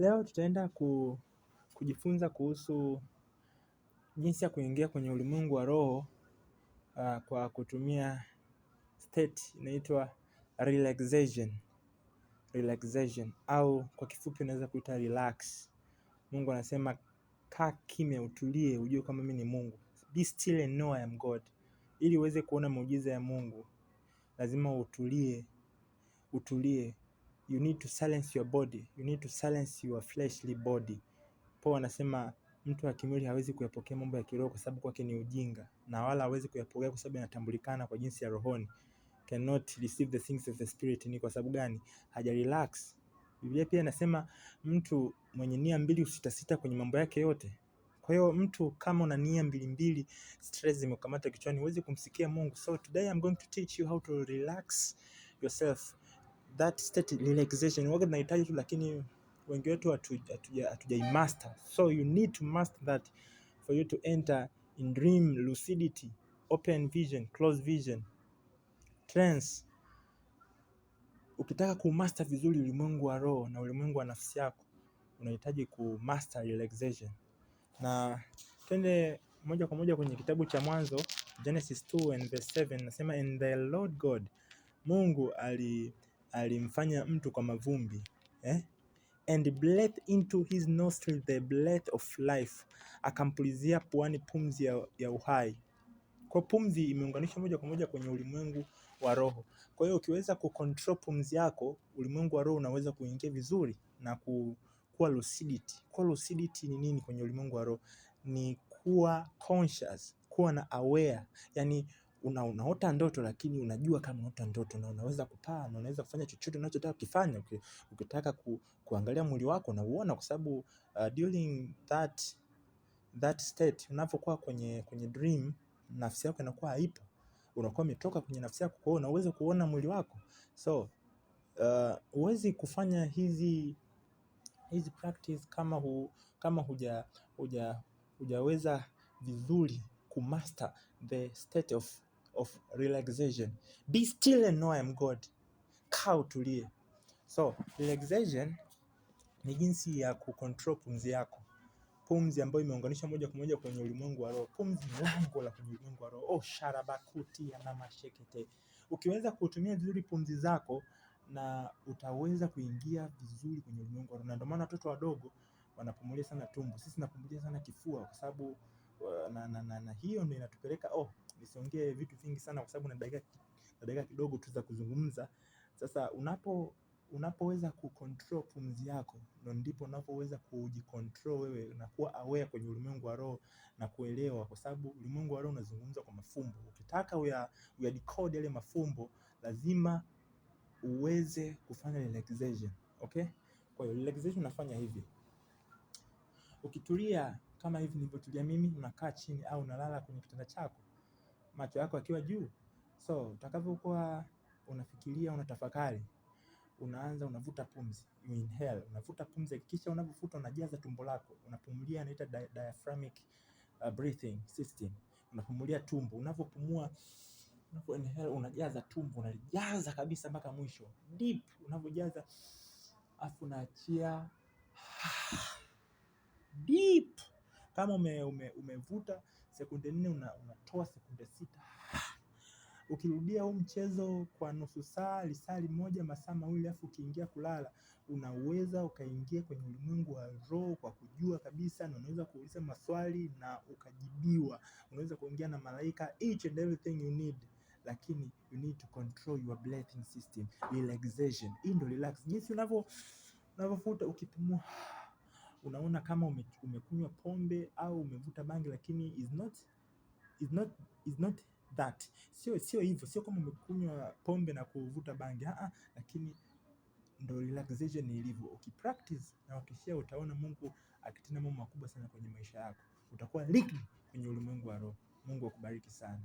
Leo tutaenda ku, kujifunza kuhusu jinsi ya kuingia kwenye ulimwengu wa roho uh, kwa kutumia state inaitwa relaxation. Relaxation au kwa kifupi unaweza kuita relax. Mungu anasema kaa kimya, utulie, ujue kama mimi ni Mungu. Be still and know I am God. Ili uweze kuona muujiza ya Mungu lazima utulie, utulie you need to silence your body, you need to silence your fleshly body. Paul anasema mtu wa kimwili hawezi kuyapokea mambo ya kiroho kwa sababu kwake ni ujinga, na wala hawezi kuyapokea kwa sababu yanatambulikana kwa jinsi ya rohoni. Cannot receive the things of the spirit. Ni kwa sababu gani? Haja relax. Biblia pia inasema mtu mwenye nia mbili usitasita kwenye mambo yake yote. Kwa hiyo mtu kama una nia mbili mbili, stress zimekamata kichwani, huwezi kumsikia Mungu. So today I'm going to teach you how to relax yourself that state relaxation waga tunahitaji tu, lakini wengi wetu hatujaimaster. So you need to master that for you to enter in dream lucidity, open vision, close vision, trance. Ukitaka kumaster vizuri ulimwengu wa roho na ulimwengu wa nafsi yako unahitaji kumaster relaxation. Na twende moja kwa moja kwenye kitabu cha Mwanzo Genesis 2 and verse 7, nasema and the Lord God Mungu ali alimfanya mtu kwa mavumbi eh? And breath into his nostril the breath of life, akampulizia puani pumzi ya, ya uhai. Kwa pumzi imeunganishwa moja kwa moja kwenye ulimwengu wa roho. Kwa hiyo ukiweza kucontrol pumzi yako, ulimwengu wa roho unaweza kuingia vizuri na ku, kuwa lucidity. Kwa lucidity ni nini kwenye ulimwengu wa roho? Ni kuwa conscious, kuwa na aware, yani una unaota ndoto lakini unajua kama unaota ndoto na unaweza kupaa na unaweza kufanya chochote unachotaka kufanya. Ukitaka ku, kuangalia mwili wako unauona kwa sababu uh, during that that state unapokuwa kwenye kwenye dream nafsi yako inakuwa haipo, unakuwa umetoka kwenye nafsi yako, kwa hiyo unaweza kuona mwili wako. So uh, huwezi uwezi kufanya hizi hizi practice kama hu, kama huja huja hujaweza vizuri kumaster the state of of relaxation. Be still and know I am God. Kaa utulie. So relaxation ni jinsi ya kucontrol pumzi yako, pumzi ambayo imeunganishwa moja kwa moja kwenye ulimwengu wa roho. Pumzi ni lango la kwenye ulimwengu wa roho. Oh, sharabakuti ya mama shekete. Ukiweza kutumia vizuri pumzi zako na utaweza kuingia vizuri kwenye ulimwengu wa roho, na ndio maana watoto wadogo wanapumulia sana tumbo, sisi tunapumulia sana kifua kwa sababu uh, na, na, na, na hiyo ndio inatupeleka oh nisiongee vitu vingi sana, kwa sababu na dakika na dakika kidogo tu za kuzungumza. Sasa unapo unapoweza kucontrol pumzi yako, ndo ndipo unapoweza kujicontrol wewe na kuwa aware kwenye ulimwengu wa roho na kuelewa, kwa sababu ulimwengu wa roho unazungumza kwa mafumbo. Ukitaka uya, uya decode yale mafumbo lazima uweze kufanya relaxation, okay? Kwa hiyo relaxation nafanya hivi, ukitulia kama hivi nilivyotulia mimi, unakaa chini au unalala kwenye kitanda chako macho yako yakiwa juu. So utakavyokuwa unafikiria, unatafakari, unaanza unavuta pumzi, you inhale, unavuta pumzi, hakikisha unavyovuta unajaza tumbo lako, unapumulia, inaita diaphragmic uh, breathing system, unapumulia tumbo, unavyopumua unapo inhale, unajaza tumbo, unalijaza kabisa mpaka mwisho deep, unavyojaza afu unaachia deep, kama ume, ume, umevuta sekunde nne una, unatoa sekunde sita. Ukirudia huu mchezo kwa nusu saa, lisali moja, masaa mawili, alafu ukiingia kulala, unaweza ukaingia kwenye ulimwengu wa roho kwa kujua kabisa, na unaweza kuuliza maswali na ukajibiwa. Unaweza kuongea na malaika, each and everything you need lakini you need to control your breathing system, relaxation. Hii ndio relax, jinsi unavyo unavyovuta ukipumua unaona kama ume, umekunywa pombe au umevuta bangi, lakini is not is not is not that, sio sio hivyo, sio kama umekunywa pombe na kuvuta bangi a, lakini ndo relaxation ilivyo. Ukipractice na wakishia utaona Mungu akitenda mambo makubwa sana kwenye maisha yako, utakuwa liquid kwenye ulimwengu wa roho. Mungu akubariki sana.